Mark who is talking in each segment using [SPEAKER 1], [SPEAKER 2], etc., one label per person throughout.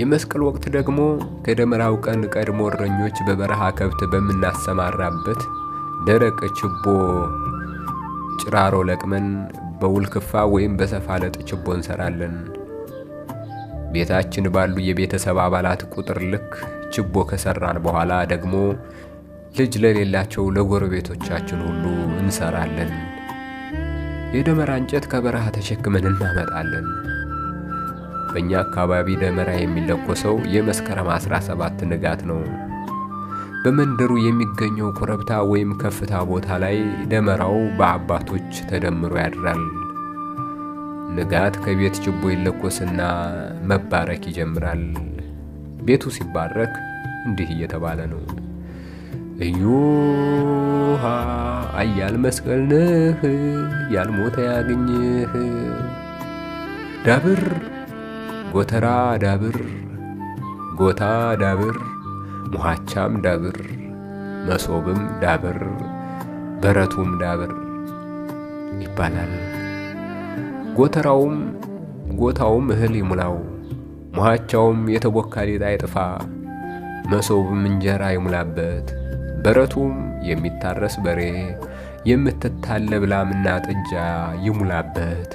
[SPEAKER 1] የመስቀል ወቅት ደግሞ ከደመራው ቀን ቀድሞ እረኞች በበረሃ ከብት በምናሰማራበት ደረቅ ችቦ ጭራሮ ለቅመን በውልክፋ ወይም ወይም በሰፋለጥ ችቦ እንሰራለን። ቤታችን ባሉ የቤተሰብ አባላት ቁጥር ልክ ችቦ ከሰራን በኋላ ደግሞ ልጅ ለሌላቸው ለጎረቤቶቻችን ሁሉ እንሰራለን። የደመራ እንጨት ከበረሃ ተሸክመን እናመጣለን። በእኛ አካባቢ ደመራ የሚለኮሰው የመስከረም 17 ንጋት ነው። በመንደሩ የሚገኘው ኮረብታ ወይም ከፍታ ቦታ ላይ ደመራው በአባቶች ተደምሮ ያድራል። ንጋት ከቤት ችቦ ይለኮስና መባረክ ይጀምራል። ቤቱ ሲባረክ እንዲህ እየተባለ ነው። እዮሃ አያል መስቀልንህ ያልሞተ ያግኝህ ዳብር ጎተራ ዳብር ጎታ ዳብር ሙሃቻም ዳብር መሶብም ዳብር በረቱም ዳብር ይባላል። ጎተራውም ጎታውም እህል ይሙላው፣ ሙሃቻውም የተቦካ ሌጣ ይጥፋ፣ መሶብም እንጀራ ይሙላበት፣ በረቱም የሚታረስ በሬ የምትታለብ ላምና ጥጃ ይሙላበት።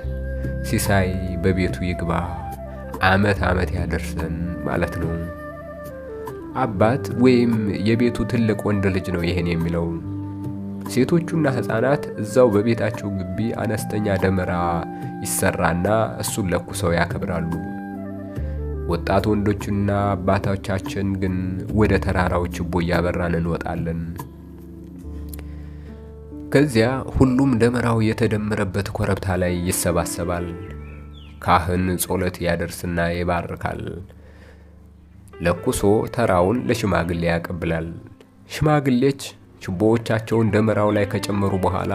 [SPEAKER 1] ሲሳይ በቤቱ ይግባ። ዓመት ዓመት ያደርሰን ማለት ነው። አባት ወይም የቤቱ ትልቅ ወንድ ልጅ ነው ይሄን የሚለው። ሴቶቹና ሕፃናት እዛው በቤታቸው ግቢ አነስተኛ ደመራ ይሰራና እሱን ለኩሰው ያከብራሉ። ወጣት ወንዶችና አባቶቻችን ግን ወደ ተራራው ችቦ እያበራን እንወጣለን። ከዚያ ሁሉም ደመራው የተደመረበት ኮረብታ ላይ ይሰባሰባል። ካህን ጾለት ያደርስና ይባርካል። ለኩሶ ተራውን ለሽማግሌ ያቀብላል። ሽማግሌች ችቦዎቻቸውን ደመራው ላይ ከጨመሩ በኋላ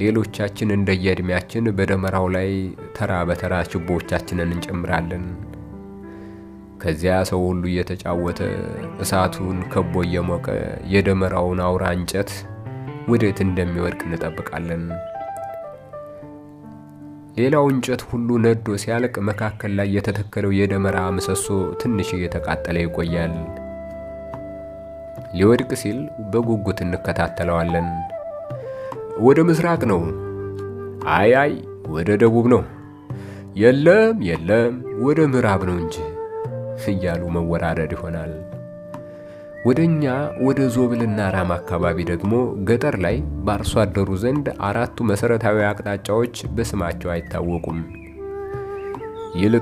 [SPEAKER 1] ሌሎቻችን እንደየእድሜያችን በደመራው ላይ ተራ በተራ ችቦዎቻችንን እንጨምራለን። ከዚያ ሰው ሁሉ እየተጫወተ እሳቱን ከቦ እየሞቀ የደመራውን አውራ እንጨት ወዴት እንደሚወድቅ እንጠብቃለን። ሌላው እንጨት ሁሉ ነዶ ሲያልቅ መካከል ላይ የተተከለው የደመራ ምሰሶ ትንሽ እየተቃጠለ ይቆያል። ሊወድቅ ሲል በጉጉት እንከታተለዋለን። ወደ ምስራቅ ነው። አይ አይ፣ ወደ ደቡብ ነው። የለም የለም፣ ወደ ምዕራብ ነው እንጂ እያሉ መወራረድ ይሆናል። ወደ እኛ ወደ ዞብልና ራማ አካባቢ ደግሞ ገጠር ላይ በአርሶ አደሩ ዘንድ አራቱ መሠረታዊ አቅጣጫዎች በስማቸው አይታወቁም።